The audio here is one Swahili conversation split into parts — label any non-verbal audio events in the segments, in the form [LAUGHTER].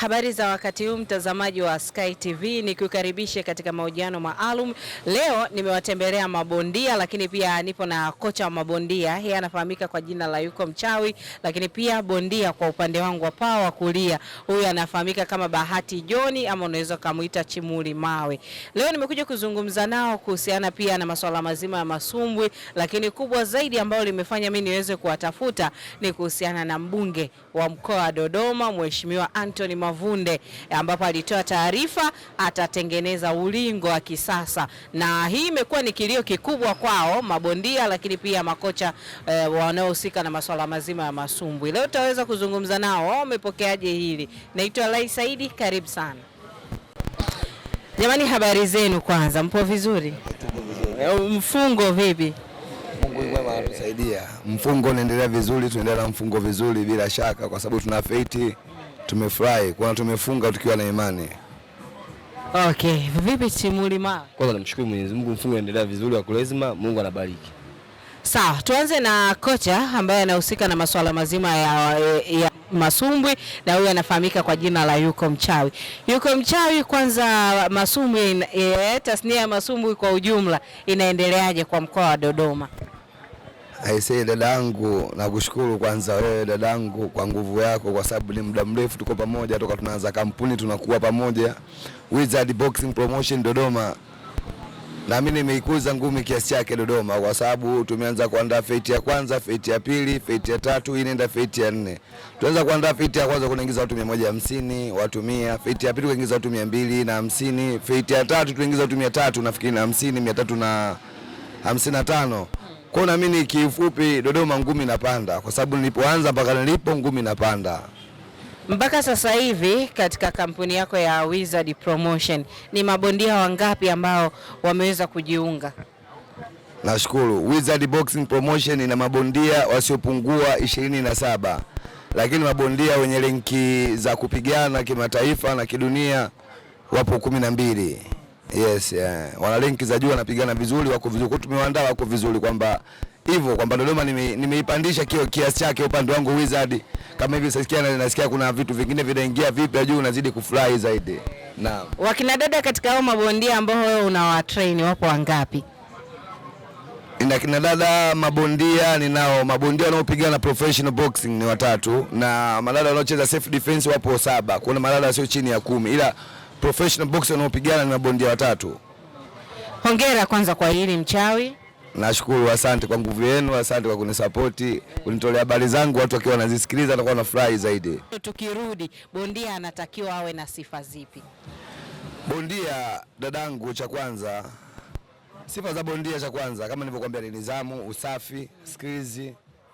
Habari za wakati huu mtazamaji wa Sky TV, nikukaribishe katika mahojiano maalum. Leo nimewatembelea mabondia, lakini pia nipo na kocha wa mabondia, yeye anafahamika kwa jina la Yuko Mchawi, lakini pia bondia kwa upande wangu wa paa wa kulia, huyu anafahamika kama Bahati Joni ama unaweza kumuita Chimuli Mawe. Leo nimekuja kuzungumza nao kuhusiana pia na masuala mazima ya masumbwi, lakini kubwa zaidi ambayo limefanya mimi niweze kuwatafuta ni kuhusiana na mbunge wa mkoa wa Dodoma, Mheshimiwa Anthony Mavunde ambapo alitoa taarifa atatengeneza ulingo wa kisasa, na hii imekuwa ni kilio kikubwa kwao mabondia, lakini pia makocha eh, wanaohusika na masuala mazima ya masumbwi. Leo tutaweza kuzungumza nao wao wamepokeaje hili. Naitwa Lai Saidi, karibu sana jamani. Habari zenu? Kwanza mpo vizuri? Eh, mfungo vipi? Mungu mwema anatusaidia, mfungo unaendelea vizuri, tunaendelea na mfungo vizuri bila shaka, kwa sababu tuna feti tumefurahi kwa tumefunga tukiwa na imani. Okay, vipi timu Limawe? Kwanza namshukuru Mwenyezi Mungu, mfungo endelea vizuri wa Kulezima, Mungu anabariki. Sawa, tuanze na kocha ambaye anahusika na masuala mazima ya, ya masumbwi na huyu anafahamika kwa jina la Yuko Mchawi. Yuko Mchawi, kwanza masumbwi, eh, tasnia ya masumbwi kwa ujumla inaendeleaje kwa mkoa wa Dodoma? Aisee, dadangu, nakushukuru kwanza wewe dadangu kwa nguvu yako, kwa sababu ni muda mrefu tuko pamoja toka tunaanza kampuni, tunakuwa pamoja Wizard Boxing Promotion Dodoma, na mimi nimeikuza ngumi kiasi yake Dodoma, kwa sababu tumeanza kuandaa feti ya kwanza, feti ya pili, feti ya tatu, hii inaenda feti ya nne. Tunaanza kuandaa feti ya kwanza kuingiza watu 150, watu 100, feti ya pili kuingiza watu 200 na 50, feti ya tatu tuingiza watu 300, nafikiri na 50, 300 na 55 kwa na mimi kiufupi, Dodoma ngumi napanda kwa sababu nilipoanza mpaka nilipo ngumi napanda. Mpaka sasa hivi katika kampuni yako ya Wizard Promotion ni mabondia wangapi ambao wameweza kujiunga? Nashukuru, Wizard Boxing Promotion ina mabondia wasiopungua ishirini na saba, lakini mabondia wenye renki za kupigana kimataifa na kidunia wapo kumi na mbili. Yes, yeah. Wana linki za juu wanapigana vizuri, wako vizuri. Kwa tumewaandaa wako vizuri kwamba hivyo kwamba Dodoma nimeipandisha nime kiasi chake upande wangu Wizard. Kama hivi sasikia nasikia kuna vitu vingine vinaingia vipya juu nazidi kufurahi zaidi. Naam. Wakina dada katika hao mabondia ambao wewe unawatrain wapo wangapi? Na kina dada mabondia ninao mabondia wanaopigana professional boxing ni watatu na madada wanaocheza self defense wapo saba. Kuna madada sio chini ya kumi ila professional boxer wanaopigana ni mabondia watatu. Hongera kwanza kwa hili mchawi. Nashukuru, asante kwa nguvu yenu, asante kwa kunisapoti, kunitolea habari zangu. Watu wakiwa wanazisikiliza watakuwa wanafurahi zaidi. Tukirudi, bondia anatakiwa awe na sifa zipi? Bondia dadangu, cha kwanza, sifa za bondia, cha kwanza kama nilivyokuambia ni nidhamu, usafi, skills,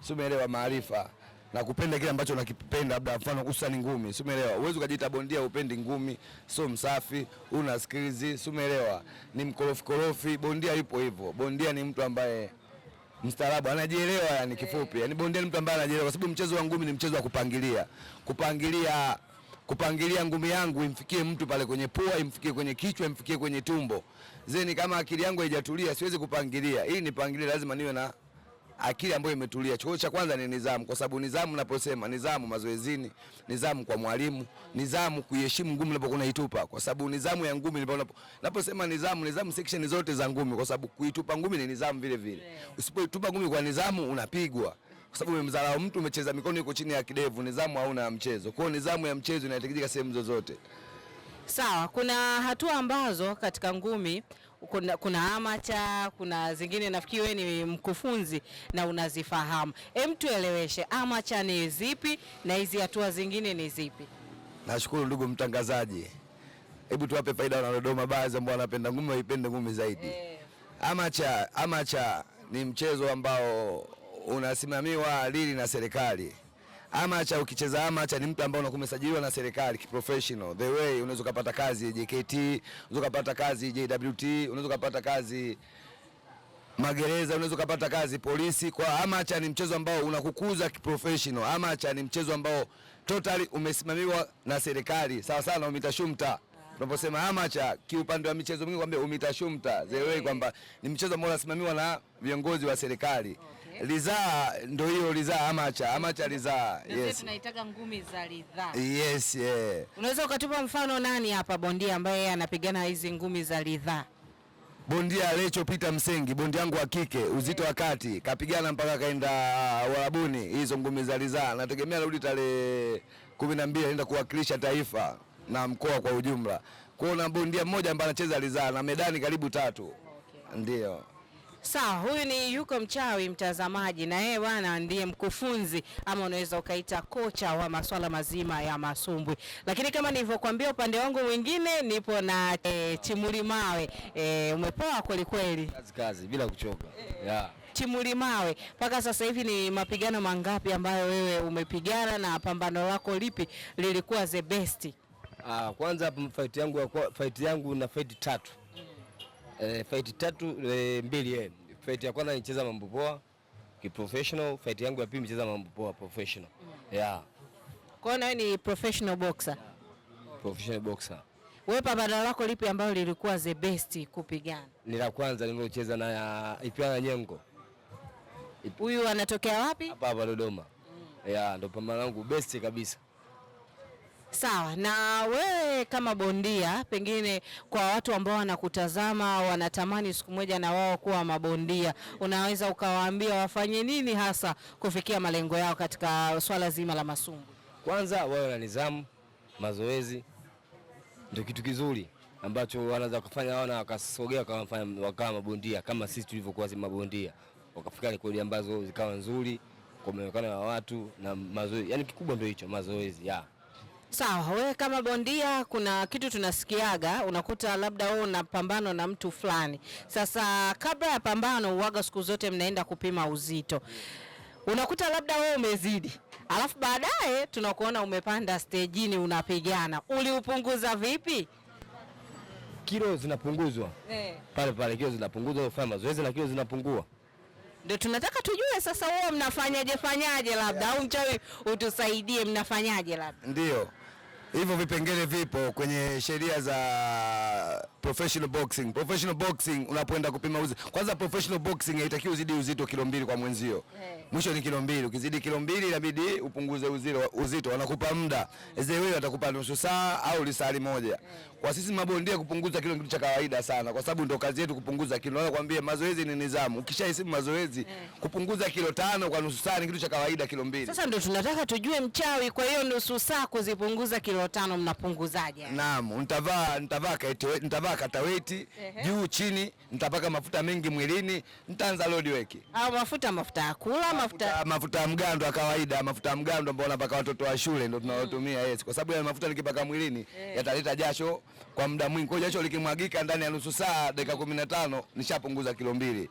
sumeelewa, maarifa na kupenda kile ambacho unakipenda, labda mfano usani ngumi, si umeelewa? Uwezi ukajiita bondia upendi ngumi, sio msafi, una skills, si umeelewa? Ni mkorofi korofi. Bondia yupo hivyo, bondia ni mtu ambaye mstaarabu anajielewa, yani kifupi, yani bondia ni mtu ambaye anajielewa, kwa sababu mchezo wa ngumi ni mchezo wa kupangilia, kupangilia kupangilia ngumi yangu imfikie mtu pale kwenye pua, imfikie kwenye kichwa, imfikie kwenye tumbo. Zeni kama akili yangu haijatulia, siwezi kupangilia. Ili nipangilie lazima niwe na akili ambayo imetulia. Chuo cha kwanza ni nidhamu, kwa sababu nidhamu, naposema nidhamu mazoezini, nidhamu kwa mwalimu, nidhamu kuiheshimu ngumi unapokuwa unaitupa, kwa sababu nidhamu ya ngumi, naposema nidhamu, nidhamu section zote za ngumi, kwa sababu kuitupa ngumi ni nidhamu vile vile. Usipoitupa ngumi kwa nidhamu, unapigwa kwa sababu umemdharau mtu, umecheza mikono iko chini ya kidevu. Nidhamu hauna ya mchezo, kwa hiyo nidhamu ya mchezo inahitajika sehemu zozote. Sawa, kuna hatua ambazo katika ngumi kuna, kuna amacha kuna zingine nafikiri wewe ni mkufunzi na unazifahamu. Hem, tueleweshe amacha ni zipi na hizi hatua zingine ni zipi? Nashukuru ndugu mtangazaji, hebu tuwape faida wana Dodoma baadhi ambao wanapenda ngumi waipende ngumi zaidi eh. Amacha amacha ni mchezo ambao unasimamiwa lili na serikali amacha ukicheza amacha ni mtu ambaye unakuwa umesajiliwa na serikali kiprofessional. The way unaweza ukapata kazi JKT, unaweza ukapata kazi JWT, unaweza ukapata kazi magereza, unaweza ukapata kazi polisi. Kwa amacha ni mchezo ambao unakukuza kiprofessional. Amacha ni mchezo ambao totally umesimamiwa na serikali, sawa sana umitashumta tunaposema amacha kiupande wa michezo mingi kwamba umitashumta way kwamba ni mchezo ambao unasimamiwa na viongozi wa serikali. Ridhaa eh? ndio hiyo ridhaa, amacha amacha ridhaa. Yes. Tunaitaga ngumi za ridhaa. Yes, yeah. Unaweza ukatupa mfano nani hapa bondia ambaye anapigana hizi ngumi za ridhaa? Bondia Lecho Peter Msengi, bondia yangu wa kike uzito wa kati, kapigana mpaka kaenda warabuni uh, hizo ngumi za ridhaa. Nategemea rudi tarehe kumi na mbili naenda kuwakilisha taifa na mkoa kwa ujumla. Kwa hiyo na bondia mmoja ambaye anacheza ridhaa na medani karibu tatu. Okay. Ndio. Sawa, huyu ni yuko mchawi mtazamaji, na yeye bwana ndiye mkufunzi ama unaweza ukaita kocha wa masuala mazima ya masumbwi. Lakini kama nilivyokuambia, upande wangu mwingine nipo na e, eh, Chimuli Mawe e, eh, umepoa kweli kweli, kazi kazi bila kuchoka e. yeah. Chimuli Mawe, mpaka sasa hivi ni mapigano mangapi ambayo wewe umepigana na pambano lako lipi lilikuwa the best? Ah, kwanza fight yangu, fight yangu na fight tatu Eh, fight tatu eh, mbili eh. Fight ya kwanza nilicheza mambo poa kiprofessional, fight yangu ya pili nilicheza mambo poa professional. Yeah. Kwa hiyo nawe ni professional boxer. Professional boxer. Wewe pambano lako lipi ambalo lilikuwa the best kupigana? Ni la kwanza nililocheza na Ipiana Nyengo. Huyu anatokea wapi? Hapa hapa Dodoma. Mm. Yeah, ndo pambano langu best kabisa. Sawa. Na wewe kama bondia, pengine kwa watu ambao wanakutazama wanatamani siku moja na wao kuwa mabondia, unaweza ukawaambia wafanye nini hasa kufikia malengo yao katika swala zima la masumbu? Kwanza wawe na nidhamu, mazoezi ndio kitu kizuri ambacho wanaweza kufanya na wakasogea wakawa mabondia kama sisi tulivyokuwa mabondia, wakafika rekodi ambazo zikawa nzuri kwa mwonekano wa watu na mazoezi. Yani kikubwa ndio hicho mazoezi ya Sawa, we kama bondia, kuna kitu tunasikiaga, unakuta labda wewe una pambano na mtu fulani. Sasa kabla ya pambano, uwaga siku zote mnaenda kupima uzito, unakuta labda wewe umezidi alafu baadaye tunakuona umepanda stejini unapigana, uliupunguza vipi? Kilo zinapunguzwa eh. pale pale kilo zinapunguzwa, ufanya mazoezi na kilo zinapungua. Ndio tunataka tujue sasa, huo mnafanyaje fanyaje, labda au yeah, mchawi utusaidie, mnafanyaje labda ndio Hivyo vipengele vipo kwenye sheria za professional boxing. Professional boxing unapoenda kupima uzito. Kwanza professional boxing haitakiwi uzidi uzito kilo mbili kwa mwenzio. Hey. Eh. Mwisho ni kilo mbili. Ukizidi kilo mbili inabidi upunguze uzito, uzito. Wanakupa muda. hmm. Eh. wewe atakupa nusu saa au lisaa moja. Hey. Eh. Kwa sisi mabondia kupunguza kilo kitu cha kawaida sana kwa sababu ndio kazi yetu kupunguza kilo. kwambie mazoezi ni nidhamu. Ukishaheshimu mazoezi hey, kupunguza kilo tano kwa nusu saa ni kitu cha kawaida kilo mbili. Sasa ndio tunataka tujue mchawi, kwa hiyo nusu saa kuzipunguza kilo kilo tano mnapunguzaje? Naam, nitavaa nitavaa nitavaa kataweti juu chini, nitapaka mafuta mengi mwilini, nitaanza load weki. Au mafuta mafuta ya kula, mafuta mafuta mgando ya kawaida, mafuta mgando ambayo unapaka watoto wa shule ndio tunayotumia mm. Yes, kwa sababu ya mafuta nikipaka mwilini eh. yataleta jasho kwa muda mwingi, kwa jasho likimwagika ndani ya nusu saa dakika 15 nishapunguza kilo mbili.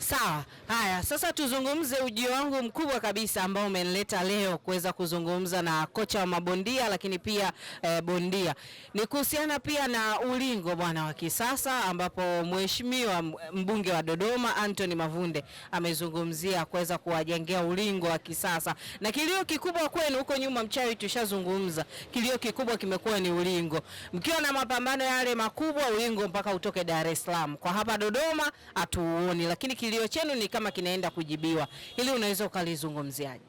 Sawa, haya sasa tuzungumze ujio wangu mkubwa kabisa ambao umenileta leo kuweza kuzungumza na kocha wa mabondia lakini pia eh, bondia. Ni kuhusiana pia na ulingo bwana wa kisasa ambapo mheshimiwa mbunge wa Dodoma Anthony Mavunde amezungumzia kuweza kuwajengea ulingo wa kisasa. Na kilio kikubwa kwenu huko nyuma mchawi tushazungumza. Kilio kikubwa kimekuwa ni ulingo. Mkiwa na mapambano yale makubwa ulingo mpaka utoke Dar es Salaam. Kwa hapa Dodoma atuoni lakini kilio chenu ni kama kinaenda kujibiwa, hili unaweza ukalizungumziaje?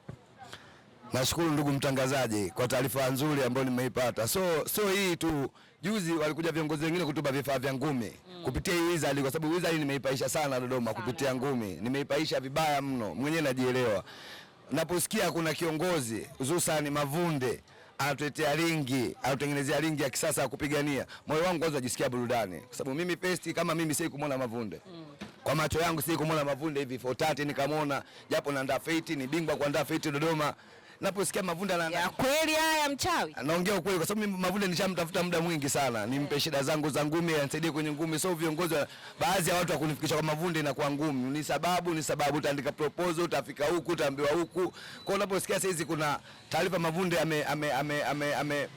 Nashukuru ndugu mtangazaji kwa taarifa nzuri ambayo nimeipata. So so hii tu juzi walikuja viongozi wengine kutupa vifaa vya ngumi mm. kupitia hii kwa sababu wizard nimeipaisha sana Dodoma sana. kupitia ngumi nimeipaisha vibaya mno, mwenyewe najielewa. Naposikia kuna kiongozi hususani Mavunde anatuletea ringi, anatengenezea ringi ya kisasa ya kupigania. Moyo wangu kwanza najisikia burudani, kwa sababu mimi pesti kama mimi sisi kumwona Mavunde mm. Kwa macho yangu sisi kumwona Mavunde hivi 430 nikamwona, japo naandaa feti, ni bingwa kuandaa feti Dodoma, naposikia Mavunda na ya kweli haya mchawi. Anaongea ukweli kwa sababu mimi Mavunda nishamtafuta muda mwingi sana. Nimpe shida zangu za ngumi, anisaidie kwenye ngumi. So viongozi baadhi ya watu wakunifikisha kwa Mavunda na kwa ngumi. Ni sababu, ni sababu utaandika proposal, utafika huku, utaambiwa huku. Kwa unaposikia sasa hizi kuna taarifa Mavunda ame ame ame ame, ame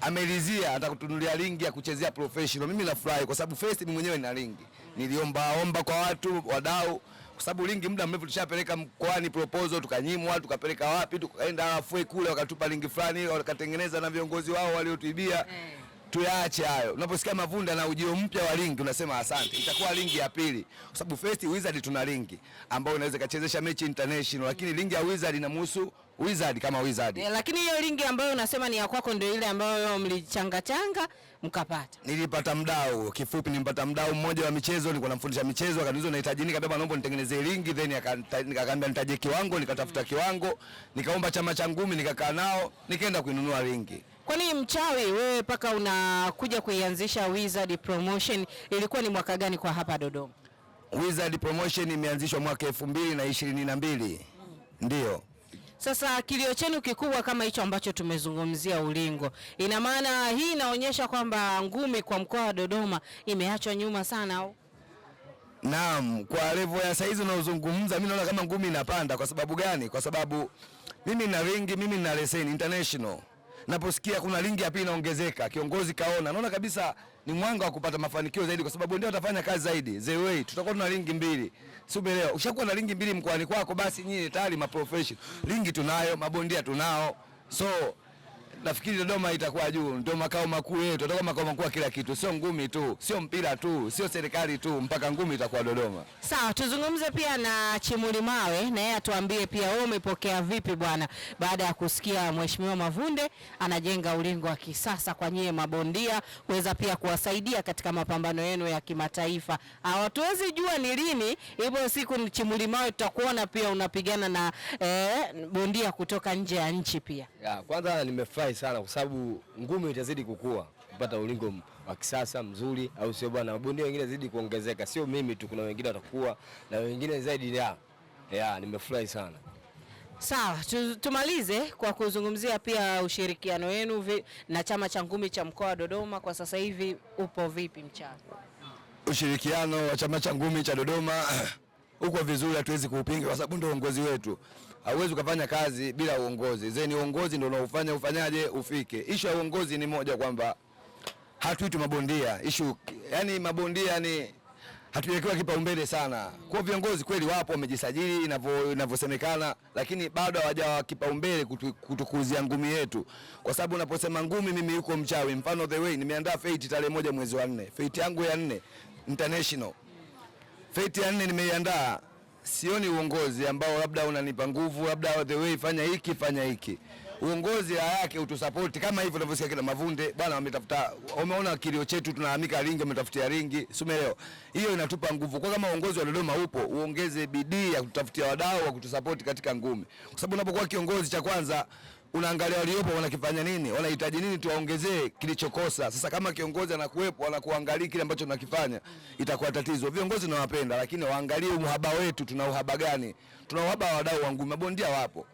amelizia atakutunulia ringi ya kuchezea professional. Mimi nafurahi kwa sababu first mimi mwenyewe nina ringi. Niliomba omba kwa watu wadau kwa sababu lingi muda mrefu tushapeleka mkoani proposal, tukanyimwa, tukapeleka wapi, tukaenda Arafue kule, wakatupa lingi fulani, wakatengeneza na viongozi wao waliotuibia hey. Eh. Tuyaache hayo. Unaposikia Mavunda na ujio mpya wa lingi unasema asante, itakuwa lingi ya pili, kwa sababu first Wizard tuna lingi ambayo inaweza ikachezesha mechi international, lakini lingi ya Wizard inamhusu Wizard kama Wizard. Yeah, lakini hiyo ringi ambayo unasema ni ya kwako ndio ile ambayo wewe mlichanga changa mkapata. Nilipata mdau, kifupi nilipata mdau mmoja wa michezo, nilikuwa namfundisha michezo, akaniuliza unahitaji nini, kaambia naomba nitengenezee ringi, then akaambia nitaje kiwango, nikatafuta mm. kiwango, nikaomba chama cha ngumi, nikakaa nao, nikaenda kuinunua lingi. Kwani mchawi wewe paka unakuja kuianzisha Wizard Promotion, ilikuwa ni mwaka gani kwa hapa Dodoma? Wizard Promotion imeanzishwa mwaka 2022. Mm. Ndio. Sasa kilio chenu kikubwa kama hicho ambacho tumezungumzia Ulingo, ina maana hii inaonyesha kwamba ngumi kwa mkoa wa Dodoma imeachwa nyuma sana au? Naam, kwa level ya saizi unaozungumza, mimi naona kama ngumi inapanda. Kwa sababu gani? Kwa sababu mimi na ringi, mimi na leseni international naposikia kuna lingi ya pili inaongezeka, kiongozi kaona, naona kabisa ni mwanga wa kupata mafanikio zaidi, kwa sababu ndio watafanya kazi zaidi. The way tutakuwa tuna lingi mbili, si umeelewa? Ushakuwa na lingi mbili mkoani kwako, basi nyinyi tayari ma professional lingi tunayo, mabondia tunao, so nafikiri Dodoma itakuwa juu, ndio makao makuu yetu, atakuwa makao makuu kila kitu, sio ngumi tu, sio mpira tu, sio serikali tu, mpaka ngumi itakuwa Dodoma. Sawa, tuzungumze pia na Chimuli Mawe, na yeye atuambie pia wewe umepokea vipi bwana, baada ya kusikia Mheshimiwa Mavunde anajenga ulingo wa kisasa kwa nyie mabondia kuweza pia kuwasaidia katika mapambano yenu ya kimataifa. Hawatuwezi jua ni lini, hivyo siku Chimuli Mawe tutakuona pia unapigana na eh, bondia kutoka nje ya nchi pia ya, kwanza nimefurahi nafurahi sana kwa sababu ngumi itazidi kukua kupata ulingo wa kisasa mzuri, au sio bwana? Bondia wengine zidi kuongezeka, sio mimi tu, kuna wengine watakuwa na wengine zaidi ya ya. Nimefurahi sana. Sawa, tumalize kwa kuzungumzia pia ushirikiano wenu na chama cha ngumi cha mkoa wa Dodoma. Kwa sasa hivi upo vipi mchana? Ushirikiano wa chama cha ngumi cha Dodoma [CLEARS THROAT] uko vizuri, hatuwezi kuupinga kwa sababu ndio uongozi wetu. Hauwezi kufanya kazi bila uongozi. Zeni uongozi ndio unaofanya ufanyaje ufike. Ishu ya uongozi ni moja kwamba hatuitu mabondia. Ishu yani mabondia ni hatujawekewa kipaumbele sana. Kwa viongozi kweli wapo wamejisajili inavyosemekana, lakini bado hawajawa kipaumbele kutukuzia ngumi yetu, kwa sababu unaposema ngumi, mimi yuko mchawi. Mfano the way nimeandaa fate tarehe moja mwezi wa nne, fate yangu ya nne international Feti ya nne nimeiandaa, sioni uongozi ambao labda unanipa nguvu, labda the way fanya hiki fanya hiki. Uongozi raha yake utusapoti kama hivyo unavyosikia kina Mavunde bwana, wametafuta umeona kilio chetu, tunahamika ringi, wametafutia ringi, sumeleo hiyo inatupa nguvu. Kwa kama uongozi wa Dodoma upo, uongeze bidii ya kutafutia wadau wa kutusapoti katika ngumi, kwa sababu unapokuwa kiongozi, cha kwanza unaangalia waliopo wanakifanya nini, wanahitaji nini, tuwaongezee kilichokosa. Sasa kama kiongozi anakuwepo anakuangalia kile ambacho tunakifanya, itakuwa tatizo. Viongozi nawapenda, lakini waangalie uhaba wetu, tuna uhaba gani? Tuna uhaba wa wadau wa ngumi, mabondia wapo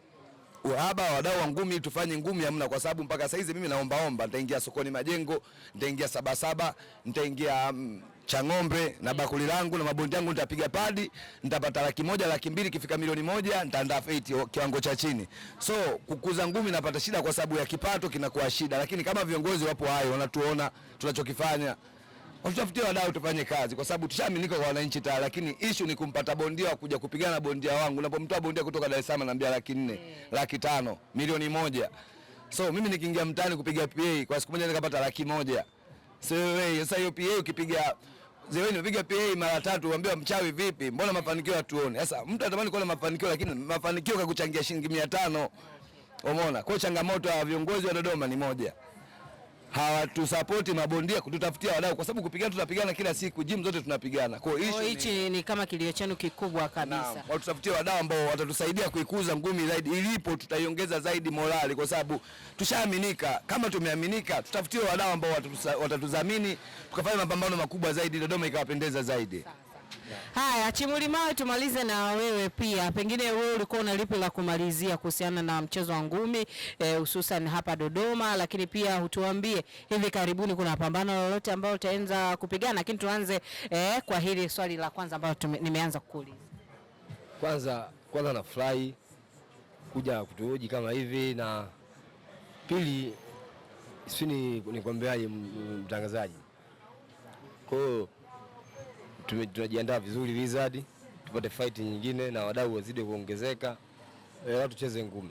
uhaba wa wadau wa ngumi, tufanye ngumi hamna, kwa sababu mpaka saizi mimi naombaomba, nitaingia sokoni majengo, nitaingia sabasaba, nitaingia um, cha ng'ombe na bakuli langu na mabondi yangu, nitapiga padi, nitapata laki moja, laki mbili, kifika milioni moja nitaandaa feti kiwango cha chini. So kukuza ngumi napata shida kwa sababu ya kipato kinakuwa shida, lakini kama viongozi wapo hai wanatuona tunachokifanya, watutafutie wadau tufanye kazi, kwa sababu tushaaminika kwa wananchi tayari, lakini issue ni kumpata bondia wa kuja kupigana na bondia wangu. Unapomtoa bondia kutoka Dar es Salaam naambia laki nne, hmm. laki tano, milioni moja. So mimi nikiingia mtaani kupiga PA kwa siku moja nikapata laki moja PA ukipiga nimepiga PA mara tatu, waambia mchawi vipi, mbona mafanikio hatuone? Sasa mtu anatamani kuona mafanikio, lakini mafanikio kakuchangia shilingi mia tano. Umeona, kwa changamoto ya viongozi wa Dodoma ni moja hawatusapoti mabondia kututafutia wadau, kwa sababu kupigana tunapigana kila siku, gym zote tunapigana. Kwa hiyo oh, hichi ni kama kilio chenu kikubwa kabisa, watutafutie wadau ambao watatusaidia kuikuza ngumi zaidi, ilipo tutaiongeza zaidi morali, kwa sababu tushaaminika. Kama tumeaminika, tutafutie wadau ambao watatuzamini, tukafanya mapambano makubwa zaidi, Dodoma ikawapendeza zaidi Haya, Chimulimao, tumalize na wewe pia, pengine wewe ulikuwa una lipi la kumalizia kuhusiana na mchezo wa ngumi eh, hususan eh, hapa Dodoma, lakini pia hutuambie hivi karibuni kuna pambano lolote ambalo utaanza kupigana, lakini tuanze eh, kwa hili swali la kwanza ambalo nimeanza kukuuliza. Kwanza kwanza nafurahi kuja kutuoji kama hivi, na pili si nikwambiaje, mtangazaji, kwa hiyo tunajiandaa vizuri Wizard, tupate fight nyingine na wadau wazidi kuongezeka, eh, watu tucheze ngumi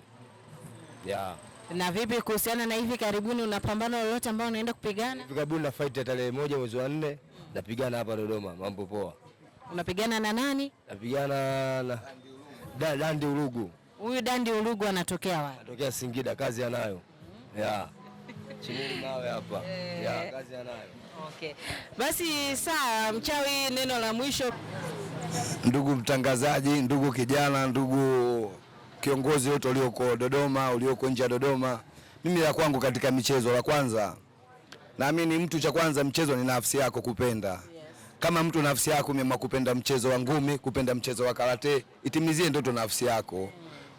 yeah. Na vipi kuhusiana na hivi karibuni, una pambano lolote ambao unaenda kupigana? Hivi karibuni na fight ya tarehe moja mwezi wa nne napigana hapa Dodoma. Mambo poa. Unapigana na nani? Napigana na Dandi Urugu. Huyu Dandi Urugu anatokea wapi? Anatokea Singida, kazi anayo. Yeah. Chimuru nawe hapa. E. Ya kazi anayo. Okay. Basi sawa, mchawi, neno la mwisho. Ndugu mtangazaji, ndugu kijana, ndugu kiongozi wote ulioko Dodoma, ulioko nje ya Dodoma, mimi la kwangu katika michezo, la kwanza naamini mtu cha kwanza mchezo ni nafsi yako kupenda. Kama mtu nafsi yako mema kupenda mchezo wa ngumi, kupenda mchezo wa karate, itimizie ndoto nafsi yako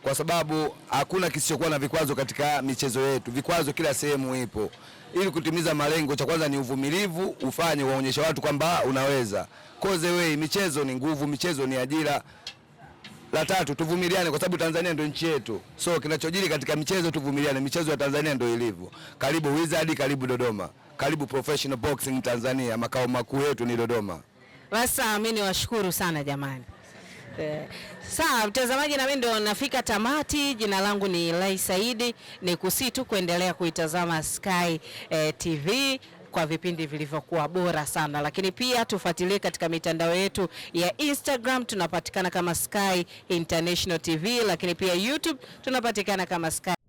kwa sababu hakuna kisichokuwa na vikwazo katika michezo yetu. Vikwazo kila sehemu ipo. Ili kutimiza malengo, cha kwanza ni uvumilivu, ufanye, waonyeshe watu kwamba unaweza. Koze wei, michezo ni nguvu, michezo ni ajira. La tatu, tuvumiliane kwa sababu Tanzania ndio nchi yetu, so kinachojiri katika michezo tuvumiliane. Michezo ya Tanzania ndio ilivyo. Karibu Wizard, karibu Dodoma, karibu Professional Boxing Tanzania. Makao makuu yetu ni Dodoma. Basa, mimi niwashukuru sana jamani. Sawa mtazamaji, na mimi ndo nafika tamati. Jina langu ni Lai Saidi, ni kusii tu kuendelea kuitazama Sky eh, TV kwa vipindi vilivyokuwa bora sana, lakini pia tufuatilie katika mitandao yetu ya Instagram, tunapatikana kama Sky International TV, lakini pia YouTube tunapatikana kama Sky